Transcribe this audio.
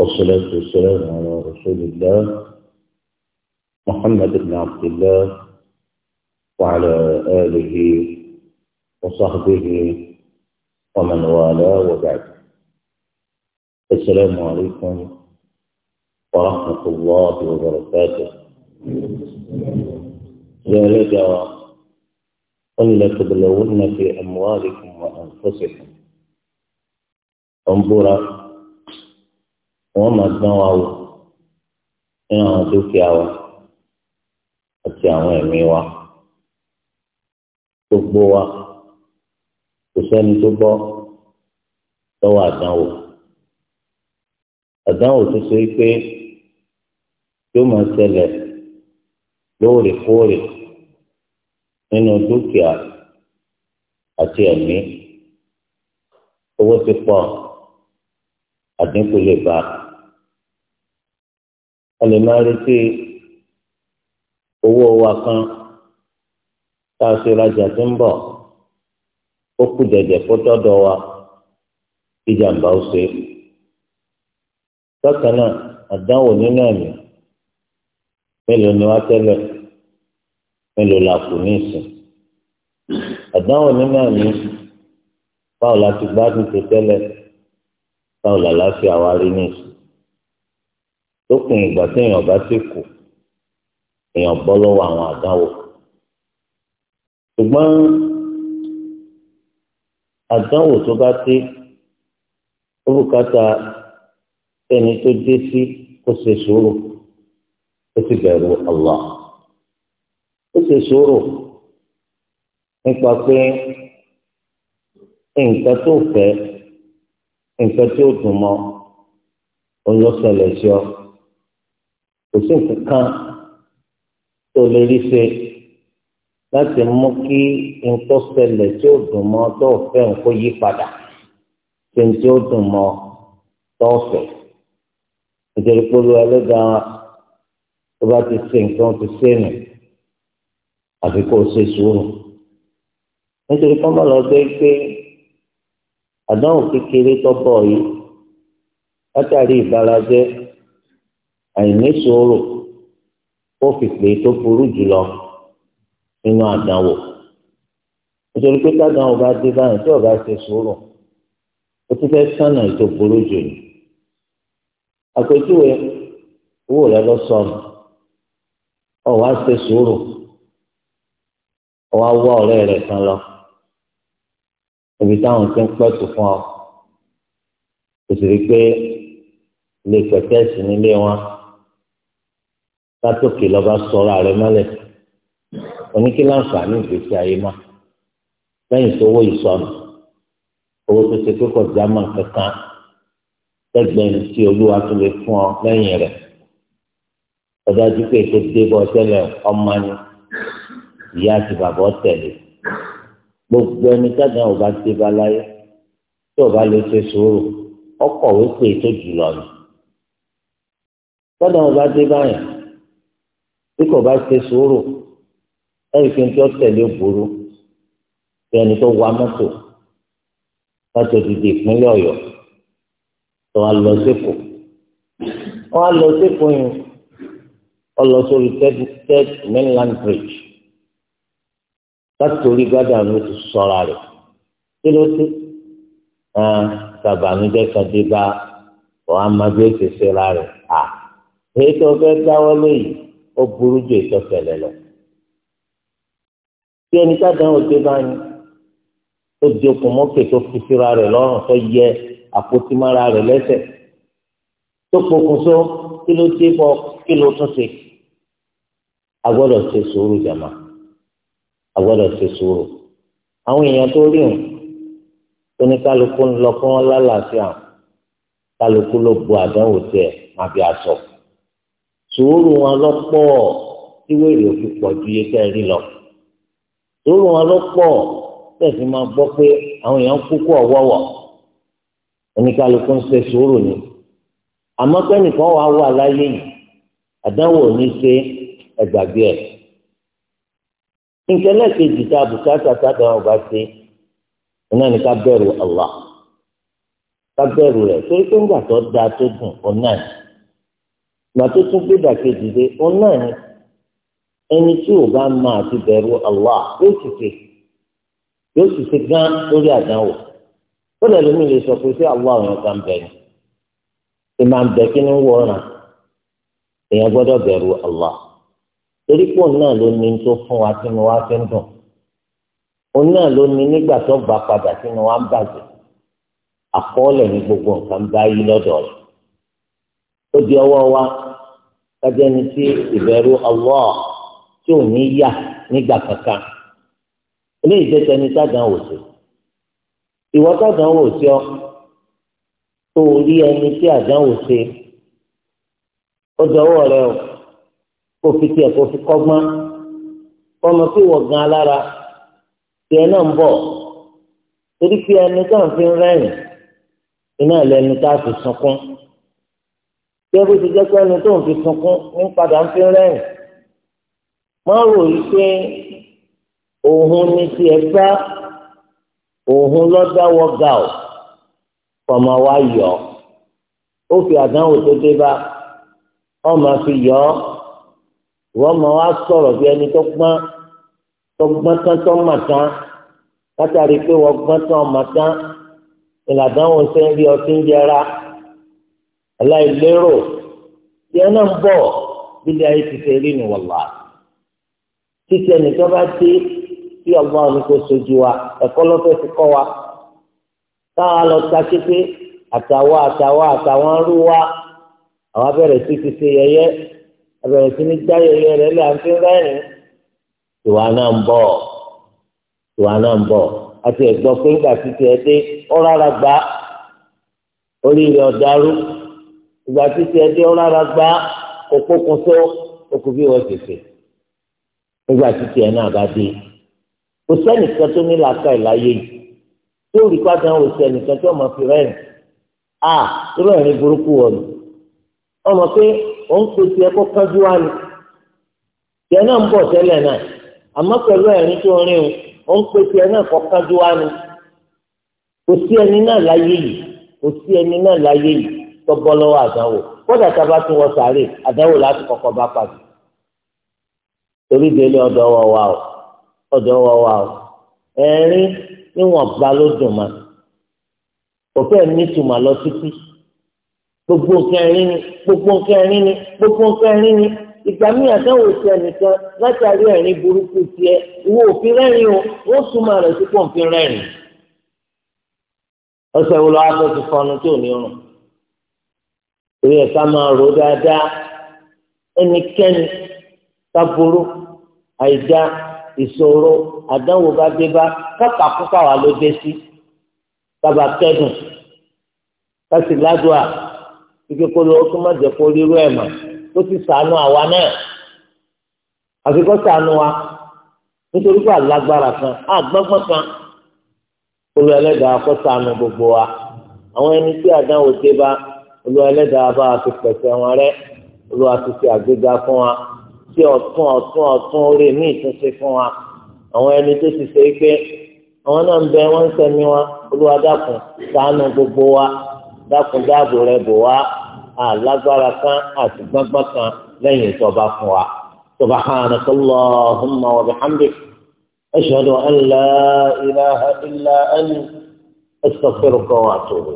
والصلاة والسلام على رسول الله محمد بن عبد الله وعلى آله وصحبه ومن والاه وبعد السلام عليكم ورحمة الله وبركاته يا لدى قل لتبلون في أموالكم وأنفسكم انظر wọ́n máa dán wa wò nínú àwọn dúkìá wa àti àwọn ẹ̀mí wa gbogbo wa kò sẹ́ni tó bọ́ lọ́wọ́ àdánwò àdánwò tó ṣe pé yóò máa ṣẹlẹ̀ lóòrèkóòrè nínú dúkìá àti ẹ̀mí owó ti pọ̀ àdínkù lè bá a a lè máa retí owó wa kan tá a ṣe rajà tó ń bọ̀ ó kù dẹ̀dẹ̀ kó tọ́dọ̀ wa ìjàmbá ó ṣe. bákan náà àdánwò nínú ẹ̀mí mélòó ni wá tẹ́lẹ̀ mélòó la kù ní ìsìn. àdánwò nínú ẹ̀mí báwo la ti gbádùn tó tẹ́lẹ̀ báwo la láfi àwa rí ní ìsìn lópin ìgbà tí èèyàn bá ti kù èèyàn bọ́ lọ́wọ́ àwọn àdánwò ṣùgbọ́n àdánwò tó bá dé ó bùkátà ẹni tó dé sí kó ṣe sùúrù ó sì bẹ̀rù Allah ó ṣe sùúrù nípa pé nǹkan tó fẹ́ nǹkan tó dùn mọ́ ó lọ ṣẹlẹ̀ sí ọ kò sí nǹkan kan tó lè rí ṣe láti mú kí nǹkan ṣẹlẹ̀ tí ó dùn mọ́ tó fẹ́ nǹkan yí padà tí n tí ó dùn mọ́ tó fẹ́ nítorí pé olú ẹlẹ́dàá tó bá ti ṣe nǹkan ti ṣe nù àfi kó o ṣe sùúrù nítorí kọ́ mọ́ lọ gbé pé àdánwò kékeré tó bọ̀ yìí látàrí ìbàlájẹ́ àìníṣòro ó fi pè tó burú jùlọ nínú àdánwò nítorí pé tádánwò bá dé báyìí tí ọba ṣe sòrò ó ti fẹ́ sànà ètò burú jù ní. àpèjúwe owó rẹ lọ sọnù ọwọ́ á ṣe sòrò ọwọ́ á wá ọ̀rẹ́ rẹ̀ kan lọ ibi táwọn ti ń pẹ̀tù fún ọ kò sì rí pé lè pẹ̀tẹ́sì nílé wọn látòkè lọ́ba sọ̀rọ̀ àrẹ mọ́lẹ̀ oníkílá àǹfààní ìgbésí ayé má lẹ́yìn tó owó ìsọnù owó tó ṣe kókò jámà kankan lẹ́gbẹ̀ẹ́ tí olúwa tún lè fún ọ lẹ́yìn rẹ̀ ọ̀dájú pé ètò débọ̀ tẹ́lẹ̀ ọmọ ni ìyá àti bàbá tẹ̀lé gbogbo ẹni tẹ́gbọ̀n ò bá ti bá láyé tí ò bá lè ṣe sùúrù ọkọ̀wé pé ètò jùlọ ni tẹ́gbọ̀n ò bá dé báyìí bí kò bá ṣe sòrò ẹ̀rí kí n tí ó tẹ̀lé òbúrú bí ẹni tó wa mọ́tò láti òdìdí ìpínlẹ̀ ọ̀yọ́ tó wá lọ sépò wọ́n á lọ sépò yẹn ọ lọ sórí third mainland bridge láti orí gádà ló ti sọra rẹ̀ kí ló dé tàbánújẹ́ kan dé bá ọ̀hánmá bí ó ti ṣe ra à èyí tó fẹ́ dáwọ́ lé ó burú ju ìtọ́sẹ̀lẹ̀ lọ. tí ẹni sádàn òde bá ní ó di okùn mọ́kè tó fi síra rẹ̀ lọ́rùn tó yẹ àpótí mára rẹ̀ lẹ́sẹ̀ tó pokùn só kí ló dé bọ kí ló tún ṣe. a gbọ́dọ̀ ṣe sùúrù jàmá a gbọ́dọ̀ ṣe sùúrù àwọn èèyàn tó rí òun oníkálukú ń lọ fún wọn lálàáfíà kálukú ló bu àdánwò tiẹ̀ má bí a sọ sùúrù wọn lọ́pọ̀ tí wèrè ò fi pọ̀ ju iye tẹ́ ẹ rí lọ sùúrù wọn lọ́pọ̀ tẹ̀sí máa gbọ́ pé àwọn èèyàn kúkú ọ̀wọ́wọ́ oníkálukú ń ṣe sùúrù ni àmọ́ kẹ́nìkan wàá wà láyé yìí àdánwò ní ṣe ẹgbàgbé ẹ̀ nkẹlẹ kejì tá a bùkátà sáta wọn bá ṣe iná ní ká bẹ̀rù Allah ká bẹ̀rù rẹ̀ torí pé ńgbà tó dáa tó dùn ọ náà gbà tó tún gbé dàkejì dé òun náà ni ẹni tí ò bá máa ti bẹ̀rù Allah yóò sì ṣe yóò sì ṣe gán lórí àdánwò ó lè lómi lè sọ pé sí Allah ọ̀ràn kan bẹ̀ ni ṣe máa ń bẹ kí ni wọ́n ràn èèyàn gbọ́dọ̀ bẹ̀rù Allah torí pé òun náà ló ní tó fún wa tí mo wá fi ń dùn òun náà ló ní nígbà tó gbà padà tí mo wá ń bàjẹ́ àkọọ́lẹ̀ ní gbogbo nǹkan báyìí lọ́dọ̀ rẹ̀. ó di ọwọ́ wa kájẹ́ ni sí ìbẹ̀rù Allah tí ò ní yà nígbà kankan eléyìí jẹ́ tẹni sádàn wò sí ìwọ sádàn wò sí ọ tó o rí ẹni tí àdán wò sí ó dọwọ́ rẹ o kó fi tiẹ̀ kó fi kọ́gbọ́n kọ́mọ kí wọ́n gan alára tiẹ̀ náà ń bọ̀ torí pé ẹni tó ń fi rẹ́rìn iná lẹni tá a fi sunkún. jẹ́ bó ti jẹ́ pé ẹni tó ń fi sunkún ń padà ń fi rẹ́rìn máa rò yí pé òun ni tiẹ̀ gbá òun lọ́dáwọ́ ga ọ̀ fọmọ wa yọ ó fi àdánwò tó dé bá ọmọ fi yọ ọ́ wọ́n máa wá sọ̀rọ̀ bí ẹni tó gbọ́n tó gbọ́n tán tó mà tán látàrí pé wọ́n gbọ́n tán mà tán ìlàdánwò ṣe ń rí ọtí ń jẹra aláìlérò tí ẹ náà ń bọ̀ bílẹ̀ ayé ti fẹ́ rí ni wàlá títí ẹnìkan bá dé tí ọgbọ́n mi kò sojú wa ẹ̀kọ́ lọ́fẹ́ ti kọ́ wa táwa lọ ta kété àtàwa àtàwa àtàwọn arú wa àwọn abẹ́rẹ́ sí ti ṣe yẹ̀yẹ́ abẹ́rẹ́ sí ní dá yẹ̀yẹ́ rẹ̀ lẹ́yìn àti rẹ́rìn tìwa náà ń bọ̀ tìwa náà ń bọ̀ àti ẹ̀gbọ́n pé ńgbà títí ẹ dé ọ̀rọ̀ ara gbà orí rẹ̀ ìgbà tí tiẹ̀ dé rárá gbá òpópun tó okù bí wọ́n ti fè nígbà tí tiẹ̀ náà bá dé kò sẹ́nìkan tó ní làákà ìláyé yìí tí ó rí pátá ò sẹ́nìkan tó ọmọ fi rẹ́rìn à irú ẹ̀rín burúkú wọ̀ ni ọmọ pé òun pe tiẹ̀ kó kánjú wá ni tiẹ̀ náà ń bọ̀ tẹ́lẹ̀ náà àmọ́ pẹ̀lú ẹ̀rín tó rìn o òun pe tiẹ̀ náà kó kánjú wá ni kò sí ẹni náà láyé yìí kò sí ẹni náà láyé yìí tọ́bọ́ lọ́wọ́ àdánwò kódà tá a bá tún wọ sàárè àdánwò láti kọ́kọ́ bá pàdé torí délé ọ̀dọ̀ wọ wa o ọ̀dọ̀ wọ wa o ẹ̀rín níwọ̀n gba ló dùn ma kò fẹ́ nítumọ̀ lọ títí gbogbo nǹkan ẹ̀rín ni gbogbo nǹkan ẹ̀rín ni gbogbo nǹkan ni ìgbà míì àtàwọn òsì ẹnìkan látàrí ẹ̀rín burúkú tiẹ̀ ìwọ òfin rẹ́rìn o wọ́n súnmọ́ rẹ̀ sí pọ̀npin rẹ́rìn ọ̀sẹ̀ wo lọ́wọ́ tó ti fọnu tó ní rùn torí ẹ ká máa rò dáadáa ẹnikẹ́ni sábúrú àìdá ìṣòro àdánwò bá dé bá kápá púpà wà ló dé sí kábà kẹ́dùn kásì ládùá ike kolo ó tún má jẹ́ kó rírú ẹ̀ mà ó ti ṣàánú àwa náà àfi kó ṣàánú wa nítorí pé alágbára kan àgbọ́gbọ́n kan olú ẹlẹ́dàá kó ṣàánú gbogbo wa àwọn ẹni tí àdánwò dé bá olúwa ẹlẹ́dàá bá a fi pẹ̀sẹ̀ wọn rẹ́ olúwa ti fi àgbéga fún wa tí ọ̀tún ọ̀tún ọ̀tún orí ní ìtúnṣe fún wa àwọn ẹni tó ti ṣe é pé àwọn náà ń bẹ wọn ń sẹmi wa olúwa dákun ṣàánú gbogbo wa dákun dáàbò rẹ bò wá alágbára kan àti gbọ́ngbọ́n kan lẹ́yìn ìtọ́ba fún wa subhanaka allahumma wa bihamdik ashhadu an la ilaha illa anta astaghfiruka wa atubu.